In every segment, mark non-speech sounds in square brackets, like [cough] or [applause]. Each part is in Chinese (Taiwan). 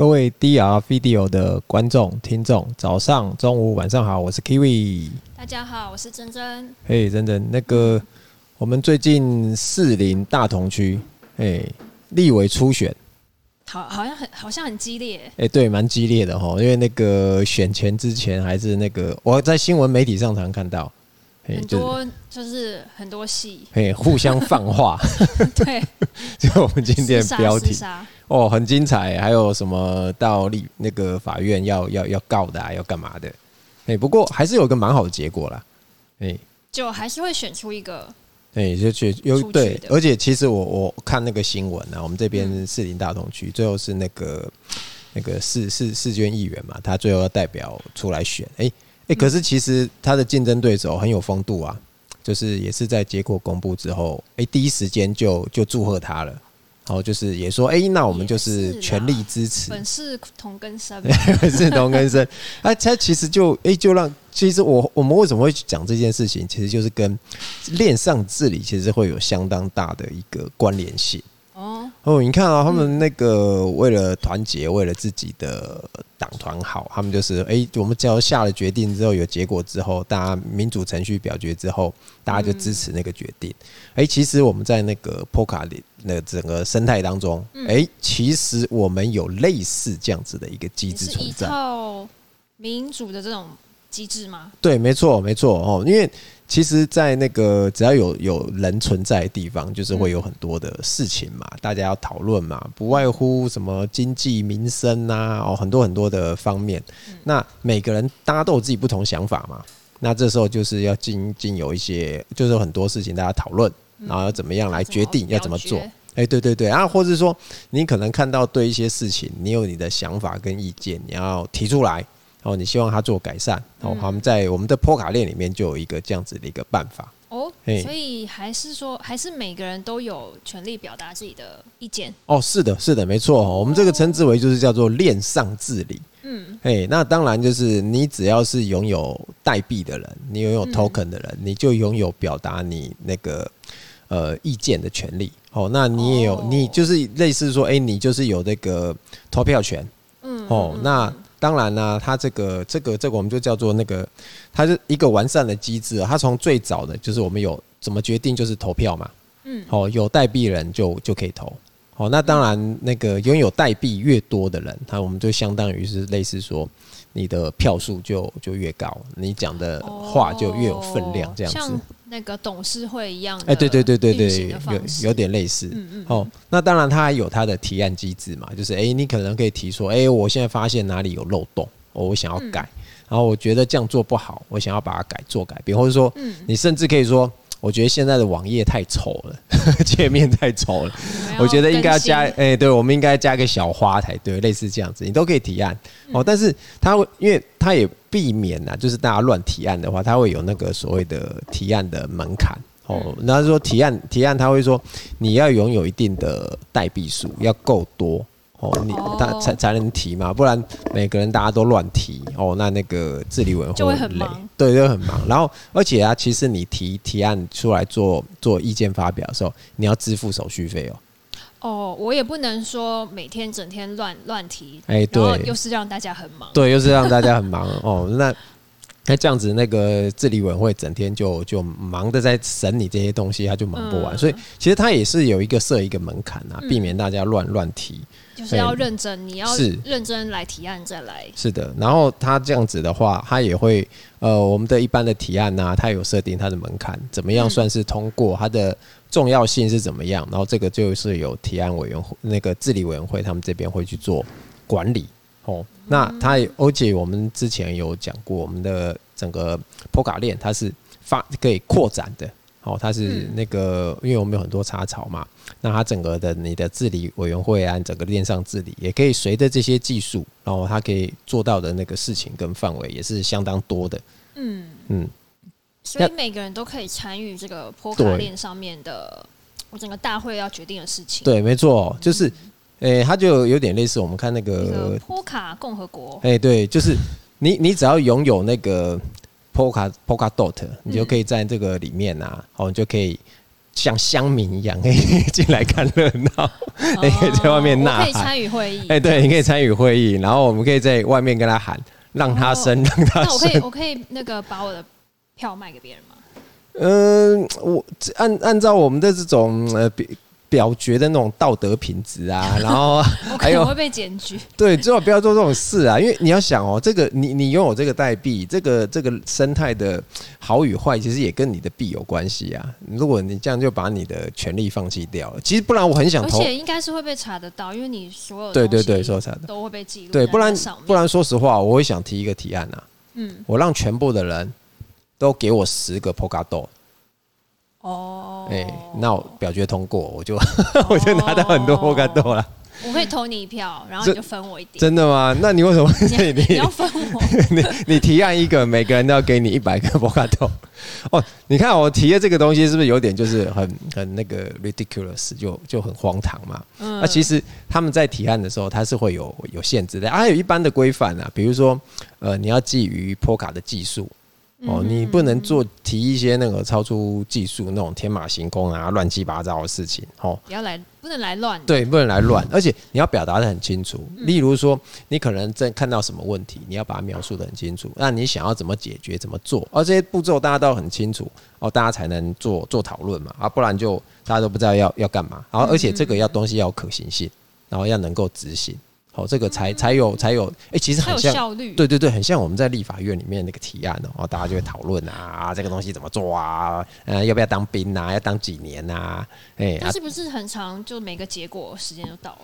各位 DR Video 的觀眾、聽眾，早上、中午、晚上好，我是 Kiwi。大家好，我是珍珍。嘿，珍珍，那個我們最近士林大同區，哎、hey，立委初選，好，好像很，好像很激烈。誒，hey, 對，蠻激烈的吼，因為那個選前之前還是那個我在新聞媒體上常常看到。很多就是很多戲，哎，互相放話， [laughs] 對， [laughs] 就我們今天的標題哦，很精彩，還有什麼到立那個法院要要要告的、啊，要幹嘛的，哎，不過還是有個蠻好的結果啦，哎，就還是會選出一個，哎，就選對，而且其實我我看那個新聞呢、啊，我們這邊士林大同區、嗯、最後是那個那個市市市議員嘛，他最後要代表出來選，哎。欸、可是其實他的競爭對手很有風度啊，就是也是在結果公布之後，欸、第一時間就就祝賀他了，然後就是也說，哎、欸，那我們就是全力支持，本是同根生，本是同根生，哎、 [laughs] 欸，他其實就哎、欸，就讓其實我我們為什麼會講這件事情，其實就是跟鏈上治理其實會有相當大的一個關聯性。哦，你看啊，他們那個為了團結，嗯、為了自己的黨團好，他們就是哎、欸，我們只要下了決定之後有結果之後，大家民主程序表決之後，大家就支持那個決定。哎、嗯欸，其實我們在那個 Polka 裡那個整個生態當中，哎、嗯欸，其實我們有類似這樣子的一個機制存在，一套民主的這種。機制嗎？對，沒錯，沒錯哦。因為其實，在那個只要有有人存在的地方，嗯、就是會有很多的事情嘛，嗯、大家要討論嘛，不外乎什麼經濟民生啊，哦，很多很多的方面。嗯、那每個人大家都有自己不同想法嘛。那這時候就是要進進有一些，就是很多事情大家討論，嗯、然後要怎麼樣來決定要怎麼做？哎、嗯，欸、對對對啊，或者是說你可能看到對一些事情，你有你的想法跟意見，你要提出來。哦，你希望他做改善，嗯哦、好，我們在我們的波卡鏈裡面就有一個這樣子的一個辦法哦，嘿所以還是說，還是每個人都有權利表達自己的意見哦，是的，是的，沒錯、哦，我們這個稱之為就是叫做鏈上治理，嗯，哎，那當然就是你只要是擁有代幣的人，你擁有 token 的人，嗯、你就擁有表達你那個呃意見的權利哦，那你也有，哦、你就是類似說，哎、欸，你就是有那個投票權，嗯，哦，那。嗯當然啦、啊，它這個、這個、這個，我們就叫做那個，它是一個完善的機制、啊。它從最早的就是我們有怎麼決定，就是投票嘛。嗯，好、哦，有代幣人就就可以投。好、哦，那當然那個擁有代幣越多的人，他、嗯、我們就相當於是類似說，你的票數就就越高，你講的話就越有分量這樣子。哦那個董事會一樣，哎，對對對對對，對，有有點類似，嗯嗯，哦，那當然，它有它的提案機制嘛，就是，誒，你可能可以提說，誒，我現在發現哪裡有漏洞、哦，我想要改，然後我覺得這樣做不好，我想要把它改做改變，或者說，你甚至可以說。我覺得現在的網頁太醜了， [laughs] 界面太醜了。我覺得應該要加，哎，對，我們應該加個小花才，對，類似這樣子，你都可以提案哦。但是它會，因為它也避免了、啊，就是大家亂提案的話，它會有那個所謂的提案的門檻哦。然後說提案提案，他會說你要擁有一定的代幣數，要夠多。哦，你大才才能提嘛，不然每個人大家都亂提，哦，那那個治理文化就會很累，對，就會很忙。然後，而且啊，其實你提提案出來做做意見發表的時候，你要支付手續費哦。哦，我也不能說每天整天亂亂提，哎、欸，對，對，又是讓大家很忙，對，又是讓大家很忙哦，那。那這樣子，那個治理委員會整天就就忙得在審理這些東西，他就忙不完。嗯、所以其實他也是有一個設一個門檻啊，嗯、避免大家亂亂提，就是要認真，嗯、你要是認真來提案再來是。是的，然後他這樣子的話，他也會呃，我們的一般的提案呢，啊，他有設定他的門檻，怎麼樣算是通過，它，嗯、的重要性是怎麼樣，然後這個就是有提案委員會那個治理委員會他們這邊會去做管理。哦，那它也，嗯、而且我們之前有講過，我們的整個波卡鏈它是發可以擴展的，哦，它是那個，嗯、因為我們有很多插槽嘛，那它整個的你的治理委員會啊，整個鏈上治理，也可以隨着這些技術，然後它可以做到的那個事情跟範圍也是相當多的。嗯嗯，嗯，所以每個人都可以參與這個波卡鏈上面的我整個大會要決定的事情。對。對，沒錯，就是。嗯哎、欸，他就有點類似我們看那個波卡共和國。哎、欸，對，就是你，你只要擁有那個波卡波卡 dot、嗯、你就可以在這個裡面啊，哦，你就可以像鄉民一樣可以進來看熱鬧，哎、哦欸，在外面吶喊，可以參與會議。哎、欸，對，對你可以參與會議，然後我們可以在外面跟他喊，讓他升。哦、讓他升。那我可以，我可以那個把我的票賣給別人嗎？嗯，我按按照我們的這種呃比。表決的那種道德品質啊，然後還有我會被檢舉，對，最好不要做這種事啊，因為你要想哦、喔，這個你你擁有這個代幣，這個這個生態的好與壞，其實也跟你的幣有關係啊。如果你這樣就把你的權利放棄掉了，其實不然，我很想投，而且應該是會被查得到，因為你所有對對對，所查的都會被記錄，對，不然不然，說實話，我會想提一個提案啊，嗯，我讓全部的人都給我十個 Polkadot。哦，哎、欸，那我表決通過，我就、哦、 [laughs] 我就拿到很多波卡豆了。我會投你一票，然後你就分我一點。真的嗎？那你為什麼你 [laughs] 你，你要分我？ [laughs] 你你提案一個，每個人都要給你一百個波卡豆。 [laughs] 哦，你看我提的這個東西是不是有點就是很很那個 ridiculous，就就很荒唐嘛？那、嗯啊、其實他們在提案的時候，它是會有有限制的、啊，還有一般的規範啊，比如說呃，你要基於波卡的技術。哦，你不能做提一些那個超出技術那種天馬行空啊、亂七八糟的事情。哦，不要來，不能來亂。對，不能來亂。而且你要表達得很清楚。例如說，你可能在看到什麼問題，你要把它描述得很清楚。那你想要怎麼解決、怎麼做？而、哦、這些步驟大家都要很清楚，哦，大家才能做做討論嘛。啊，不然就大家都不知道要要幹嘛。然後，哦，而且這個要東西要可行性，然後要能夠執行。哦，這個才才有才有，哎、欸，其實很有效率，對對對，很像我們在立法院裡面那個提案哦，大家就會討論啊，這個東西怎麼做啊，呃，要不要當兵吶、啊，要當幾年吶、啊，哎、欸，它是不是很長？就每個結果時間就到了，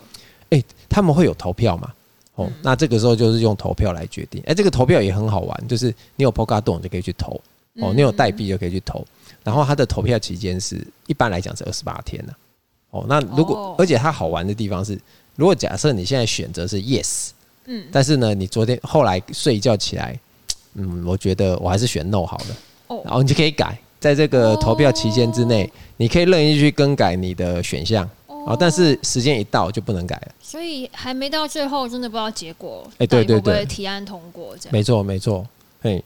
哎、啊欸，他們會有投票嘛？哦，嗯、那這個時候就是用投票來決定，哎、欸，這個投票也很好玩，就是你有 Polkadot 就可以去投，哦，嗯、你有代幣就可以去投，然後它的投票期間是一般來講是二十八天呢、啊，哦，那如果、哦、而且它好玩的地方是。如果假設你現在選擇是 yes，嗯，但是呢，你昨天後來睡一覺起來，嗯，我覺得我還是選 no 好了，哦，然後你就可以改，在這個投票期間之內，哦、你可以任意去更改你的選項，哦，但是時間一到就不能改了。所以還沒到最後，真的不知道結果，誒，欸、對對對，有沒有提案通過這樣。沒錯，沒錯，嘿。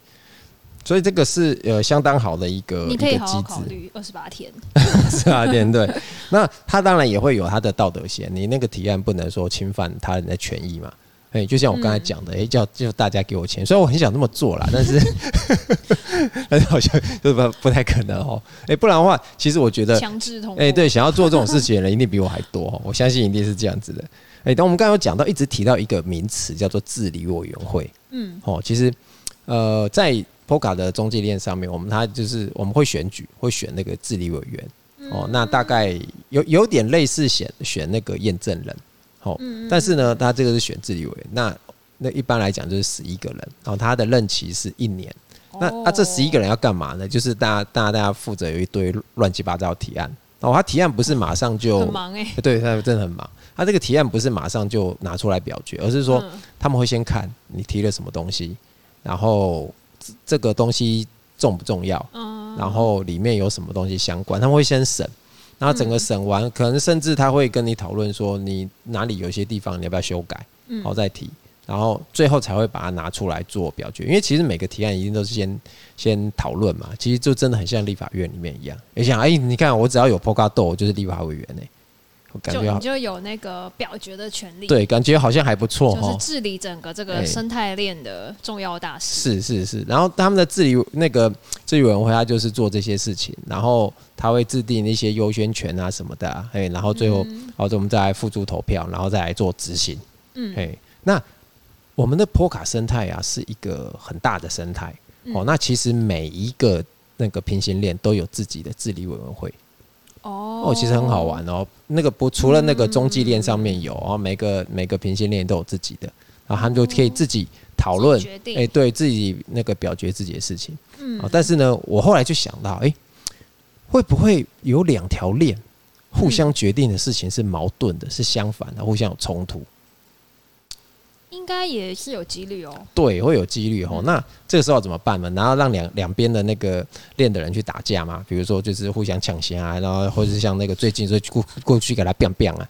所以這個是呃相當好的一個，你可以好好考慮二十八天，二十八天對。那他當然也會有他的道德線，你那個提案不能說侵犯他人的權益嘛？誒、欸，就像我剛才講的，誒、嗯欸，叫叫大家給我錢，雖然我很想這麼做啦，但是， [laughs] 但是好像不不太可能哦、喔。誒、欸，不然的話，其實我覺得強制通過哎、欸、對，想要做這種事情的人一定比我還多哦、喔，我相信一定是這樣子的。誒、欸，但我們剛才有講到一直提到一個名詞叫做治理委員會，嗯，哦，其實呃在。Polka 的中繼鏈上面，我們他就是我們會選舉，會選那個治理委員、嗯、哦。那大概有有點類似選選那個驗證人哦。嗯、但是呢，他這個是選治理委員。那那一般來講就是十一個人哦。他的任期是一年。哦、那那、啊、這十一個人要幹嘛呢？就是大家大家大家負責有一堆亂七八糟的提案哦。他提案不是馬上就很忙哎、欸，對他真的很忙。他這個提案不是馬上就拿出來表決，而是說、嗯、他們會先看你提了什麼東西，然後。這個東西重不重要？Uh, 然後裡面有什麼東西相關？他們會先審，然後整個審完，嗯、可能甚至他會跟你討論說，你哪裡有些地方你要不要修改？嗯、然後再提，然後最後才會把它拿出來做表決。因為其實每個提案一定都是先先討論嘛，其實就真的很像立法院裡面一樣。你想，哎、欸，你看我只要有 Polkadot, 我就是立法委員呢。就你就有那個表決的權利，對，感覺好像還不錯，就是治理整個這個生態鏈的重要大事、欸。是是是，然後他們的治理那個治理委員會，他就是做這些事情，然後他會制定一些優先權啊什麼的、啊，嘿、欸，然後最後，嗯、好的，我們再來付諸投票，然後再來做執行，嗯，嘿、欸，那我們的波卡生態啊，是一個很大的生態，哦、嗯喔，那其實每一個那個平行鏈都有自己的治理委員會。哦，其實很好玩哦。那個不，除了那個中繼鏈上面有，嗯、然後每個每個平行鏈都有自己的，然後他們就可以自己討論，哎、嗯欸，對，自己那個表決自己的事情。嗯，但是呢，我後來就想到，哎、欸，會不會有兩條鏈互相決定的事情是矛盾的，嗯、是相反的，互相有衝突？應該也是有幾率哦、喔，對，會有幾率哦、喔。嗯、那這個時候怎麼辦呢？然後讓兩兩邊的那個鏈的人去打架嘛，比如說就是互相搶先啊，然後或者是像那個最近說過過去給他變變啊、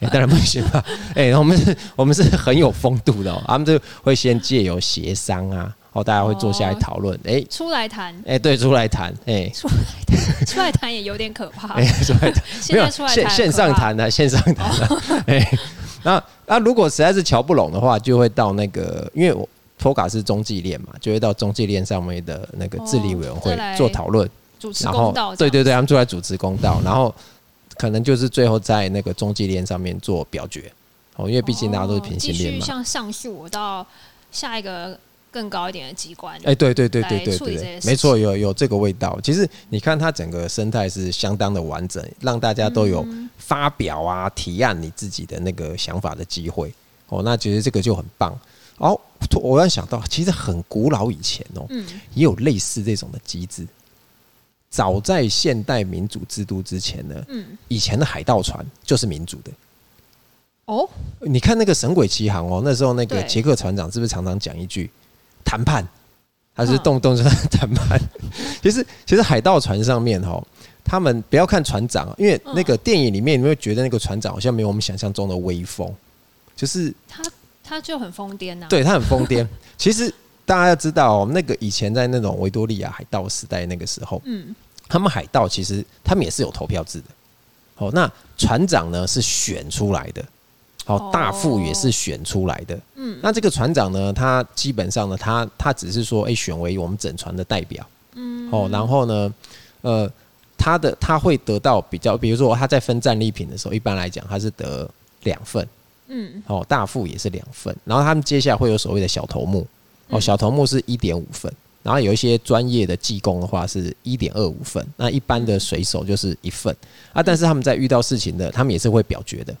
欸，當然不行吧？哎、欸，我們是我們是很有風度的、喔，他們就會先借由協商啊，然後大家會坐下來討論。哎、欸，出來談，哎、欸，對，出來談，哎、欸，出來談，出來談也有點可怕。哎、欸，出來談，沒有現在出來談、啊，線上談的、啊，線上談的，哎、欸。那那、啊啊、如果實在是喬不攏的話，就會到那個，因為我托卡是中繼鏈嘛，就會到中繼鏈上面的那個治理委員會做討論，哦、主持公道後。對對對，他們就來主持公道，然後可能就是最後在那個中繼鏈上面做表決哦，因為畢竟大家都是平行鏈嘛。繼、哦、續像上述，我到下一個。更高一點的機關，哎，欸、對，對，對，對，對對對對對對，沒錯，有有這個味道。其實你看，它，整個生態是相當的完整，讓大家都有發表啊、提案你自己的那個想法的機會嗯嗯哦。那其實這個就很棒。哦，我突然想到，其實很古老以前哦，嗯、也有類似這種的機制。早在現代民主制度之前呢，嗯，以前的海盜船就是民主的。哦，你看那個《神鬼奇航》哦，那時候那個傑克船長是不是常常講一句？談判，還是動不動就談判？嗯、其實，其實海盜船上面哦、喔，他們不要看船長，因為那個電影裡面你會覺得那個船長好像沒有我們想象中的威風，就是他他就很瘋癲吶。對，他很瘋癲。其實大家要知道、喔，我們那個以前在那種維多利亞海盜時代那個時候，嗯，他們海盜其實他們也是有投票制的。哦、喔，那船長呢，是選出來的。好、哦，大副也是選出來的。哦、嗯，那這個船長呢？他基本上呢，他他只是說，誒、欸，選為我們整船的代表。嗯，哦，然後呢，呃，他的他會得到比較，比如說他在分戰利品的時候，一般來講他是得兩份。嗯，哦，大副也是兩份。然後他們接下來會有所謂的小頭目。嗯、哦，小頭目是一點五份。然後有一些專業的技工的話是一點二五份。那一般的水手就是一份、嗯、啊。但是他們在遇到事情的，他們也是會表決的。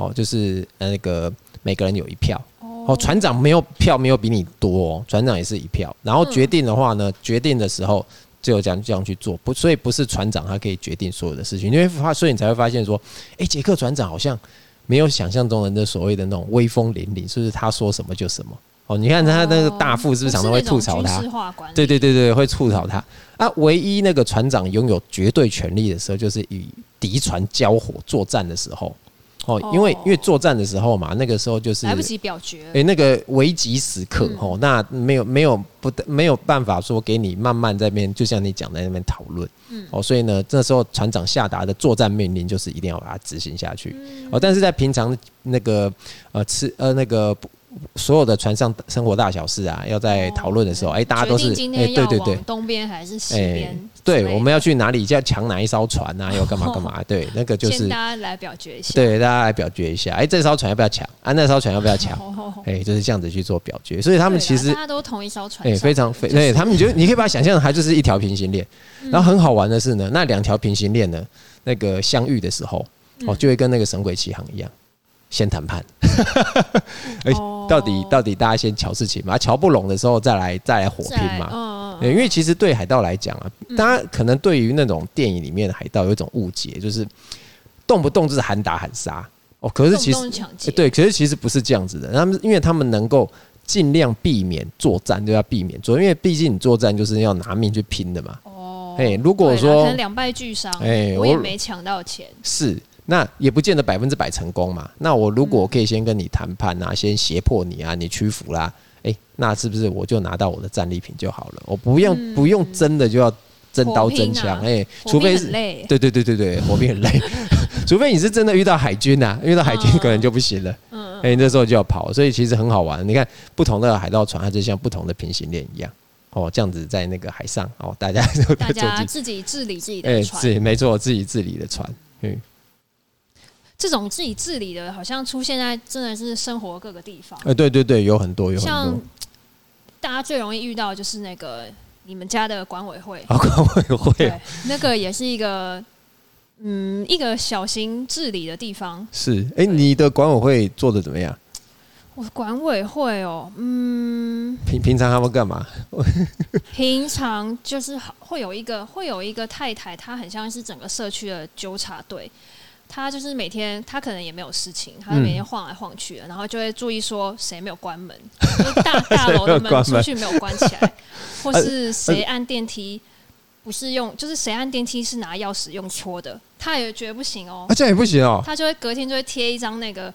哦，就是那個每個人有一票哦，船長沒有票，沒有比你多，喔，船長也是一票。然後決定的話呢，決定的時候就這樣這樣去做，不，所以不是船長他可以決定所有的事情，因為發，所以你才會發現說，哎，傑克船長好像沒有想象中的那所謂的那種威風凜凜，是不是他說什麼就什麼？哦，你看他那個大副是不是常常會吐槽他？對對對對，會吐槽他。啊，唯一那個船長擁有絕對權力的時候，就是與敵船交火作戰的時候。哦，因為因為作戰的時候嘛，那個時候就是來不及表決，誒、欸，那個危急時刻哦、嗯喔，那沒有沒有不沒有辦法說給你慢慢在那邊，就像你講在那邊討論，哦、嗯喔，所以呢，這時候船長下達的作戰命令就是一定要把它執行下去，哦、嗯喔，但是在平常那個呃吃呃那個。所有的船上生活大小事啊，要在討論的時候，哎，大家都是哎，對對對，東邊還是西邊？對，我們要去哪裡？要搶哪一艘船呢？要幹嘛幹嘛？對，那個就是大家來表決一下。對，大家來表決一下。哎，這艘船要不要搶？啊，那艘船要不要搶？哎，就是這樣子去做表決。所以他們其實大家都同一艘船，哎，非常非對。他們覺得你可以把它想象還就是一條平行鏈。然後很好玩的是呢，那兩條平行鏈呢，那個相遇的時候，哦，就會跟那個《神鬼奇航》一樣。先談判、嗯，哎， [laughs] 到底、哦、到底大家先瞧事情嘛，瞧不攏的時候再來再來火拼嘛，嗯、因為其實對海盜來講啊，嗯、大家可能對於那種電影裡面的海盜有一種誤解，就是動不動就是喊打喊殺哦。可是其實動動、欸、對，可是其實不是這樣子的，他們因為他們能夠儘量避免作戰，就要避免作戰，因為畢竟你作戰就是要拿命去拼的嘛。哦，哎，如果說可能兩敗俱傷，哎，我，我也沒搶到錢，是。那也不見得百分之百成功嘛。那我如果可以先跟你談判啊，先脅迫你啊，你屈服啦、啊，誒、欸，那是不是我就拿到我的戰利品就好了？我不用、嗯、不用真的就要真刀真槍，哎、啊，欸、除非是，對對對對對，火拼很累， [laughs] 除非你是真的遇到海軍吶、啊，遇到海軍可能就不行了，嗯、欸，那時候就要跑，所以其實很好玩。你看不同的海盜船，它就像不同的平行鏈一樣，哦、喔，這樣子在那個海上，哦、喔，大家大家自己治理自己的船，自己沒錯，自己治理的船，嗯。這種自己治理的，好像出現在真的是生活的各個地方。哎，欸、對對對，有很多，有很多。像大家最容易遇到的就是那個你們家的管委會啊，管委會，那個也是一個嗯，一個小型治理的地方。是，哎、欸，對你的管委會做的怎麼樣？我的管委會哦、喔，嗯。平平常他們幹嘛？ [laughs] 平常就是會有一個會有一個太太，她很像是整個社區的糾察隊。他就是每天，他可能也沒有事情，他就每天晃來晃去的，嗯、然後就會注意說誰沒有關門， [laughs] 就大大樓的門出去沒有關起來， [laughs] [laughs] 或是誰按電梯不是用，就是誰按電梯是拿鑰匙用戳的，他也覺得不行哦、喔。啊、這也不行哦、喔嗯，他就會隔天就會貼一張那個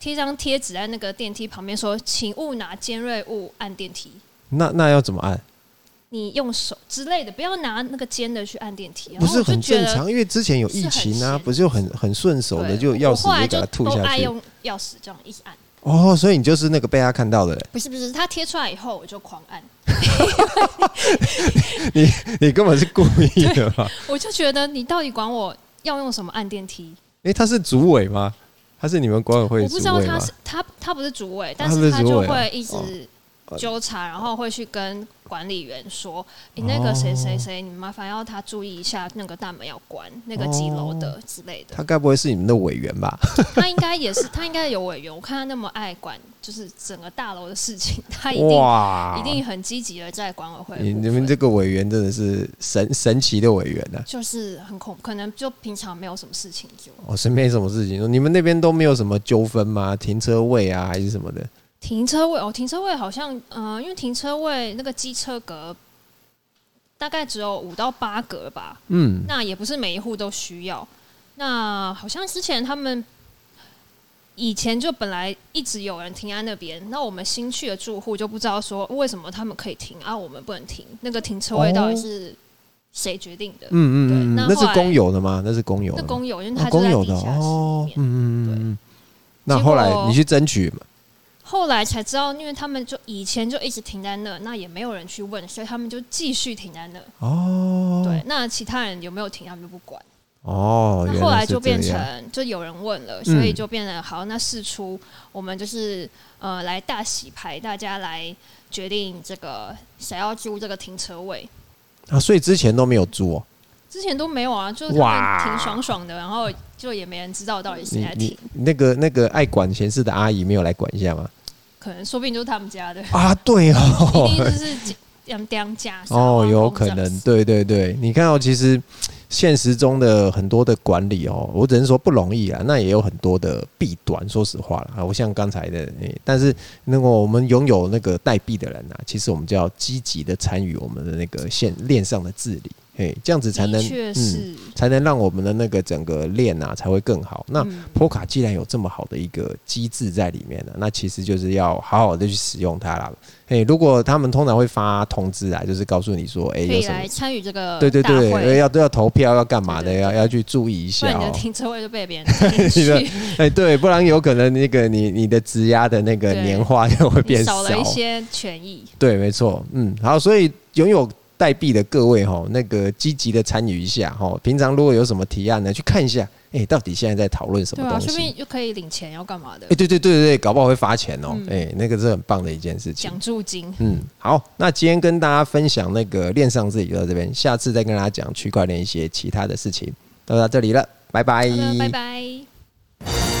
貼一張貼紙在那個電梯旁邊說，請勿拿尖銳物按電梯。那那要怎麼按？你用手之類的，不要拿那個尖的去按電梯，不是很正常？因為之前有疫情啊，不是就很很順手的，對就鑰鑰匙就給吐下去。我愛用鑰匙這樣一按。哦，oh, 所以你就是那個被他看到的，不是,不是？不是他貼出來以後，我就狂按。 [laughs] 你你根本是故意的吧？我就覺得你到底管我要用什麼按電梯？哎，欸、他是主委嗎？還是你們管委會主委嗎？我不知道他是他他不是主委，但是他就會一直、啊。哦糾察，然後會去跟管理員說、欸：“你那個誰誰誰，你麻煩要他注意一下，那個大門要關，那個幾樓的之類的。”他該不會是你們的委員吧？他應該也是，他應該有委員。我看他那麼愛管，就是整個大樓的事情，他一定一定很積極的在管委會。你們這個委員真的是神神奇的委員呢，就是很恐，可能就平常沒有什麼事情做，哦，是沒什麼事情。你們那邊都沒有什麼糾紛嗎？停車位啊，還是什麼的？停車位哦，停車位好像，呃，因為停車位那個機車格大概只有五到八格吧。嗯，那也不是每一戶都需要。那好像之前他們以前就本來一直有人停在那邊，那我們新去的住戶就不知道說為什麼他們可以停，啊，我們不能停。那個停車位到底是誰決定的？嗯嗯對，那那是公有的嗎？那是公有的，的，公有，因為他就在地下室裡面。啊、公有的哦，嗯嗯對嗯，嗯果那後來你去爭取。後來才知道，因為他們就以前就一直停在那，那也沒有人去問，所以他們就繼續停在那。哦，對，那其他人有沒有停，他們就不管。哦，那後來就變成就有人問了，所以就變得、嗯、好，那事出我們就是呃來大洗牌，大家來決定這個誰要租這個停車位。啊，所以之前都沒有租、喔。之前都沒有啊，就是挺爽爽的，然後就也沒人知道到底是誰。你那個那個愛管閒事的阿姨沒有來管一下嗎？可能說不定就是他們家的啊，對哦，一定就是楊家、 [laughs] 嗯、哦，有可能。對對對，你看哦、喔，其實現實中的很多的管理哦、喔，我只能說不容易啊。那也有很多的弊端，說實話了啊。我像剛才的，欸、但是那個我們擁有那個代幣的人啊，其實我們就要積極的參與我們的那個線鏈上的治理。哎，hey, 這樣子才能，確、嗯、才能讓我們的那個整個鏈啊才會更好。那波卡既然有這麼好的一個機制在裡面、啊嗯、那其實就是要好好的去使用它啦。哎、hey,，如果他們通常會發通知啊，就是告訴你說，哎、欸，可以來參與這個，對對對，要要投票要幹嘛的，對對對要要去注意一下、喔。不然停車位就被別人哎、 [laughs] hey, 對，不然有可能那個你你的質押的那個年化就會變少，少了一些權益。對，沒錯，嗯，好，所以擁有。代幣的各位哈、喔，那個積極的參與一下哈、喔。平常如果有什麼提案呢，去看一下。哎，到底現在在討論什麼東西？對啊，順便又可以領錢，要幹嘛的？哎，對對對對搞不好會發錢哦。哎，那個是很棒的一件事情。獎助金。嗯，好，那今天跟大家分享那個鏈上治理就到這邊，下次再跟大家講區塊鏈一些其他的事情，就到這裡了，拜拜，拜拜。